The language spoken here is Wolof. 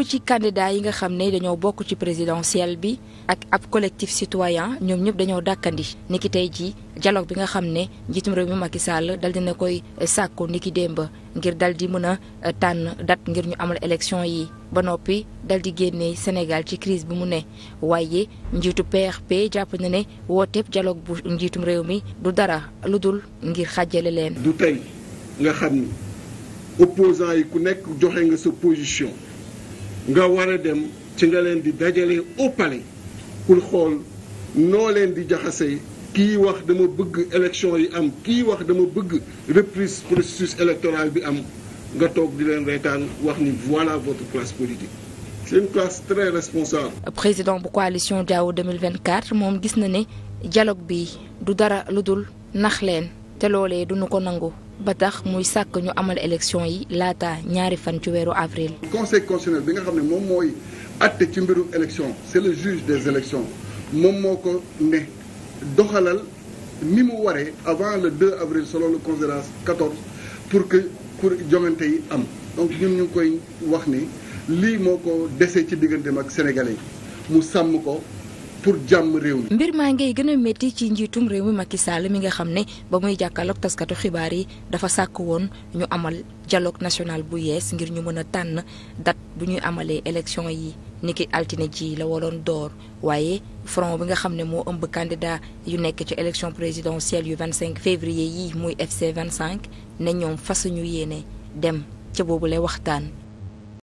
ëpp ci candidat yi nga xam ne dañoo bokk ci présidentielle bi ak ab collectif citoyen ñoom ñëpp dañoo dàkkandi niki tey jii dialogue bi nga xam ne njiitum réew mi i Sall dal na koy sàkku niki démb ngir dal di mën a euh, tànn date ngir ñu amal élection yi ba noppi dal di génne Sénégal ci crise bi mu ne waaye njiitu PRP jàpp na ne wooteeb dialogue bu njiitum réew mi du dara lu dul ngir xàjjale leen. du tey nga xam ni opposant yi ku nekk joxe nga sa position. nga war a dem ci nga leen di dajale au pour xool noo leen di jaxasee kii wax dama bëgg élection yi am kiy wax dama bëgg reprise processus électoral bi am nga toog di leen reetaan wax ni voilà votre classe politique c'est une classe très responsable. président bu coalition Diao 2024 moom gis na ne dialogue bi du dara lu dul nax leen te loolee duñu ko nangu. ba tax muy sàkk ñu amal élection yi laata ñaari fan ci weeru avril. conseil constitutionnel bi nga xam ne moom mooy àtte ci mbirum élection c'est le juge des élections moom moo ko ne doxalal ni mu waree avant le 2 avril selon le considérant 14 pour que pour joŋante yi am donc ñun ñu koy wax ni lii moo ko dese ci digganteem ak sénégalais yi mu sàmm ko. pour jàmm réew mbir maa ngay gën a métti ci njiitum réew mi Macky Sall mi nga xam ne ba muy jàkkaarloog taskatu xibaar yi dafa sàkk woon ñu amal dialogue national bu yees ngir ñu mën a tànn date bu ñuy amalee élection yi niki altine ji la waroon door waaye front bi nga xam ne moo ëmb candidat yu nekk ci élection présidentielle yu cinq février yi muy FC 25 ne ñoom fas ñu yéene dem ca boobu lay waxtaan.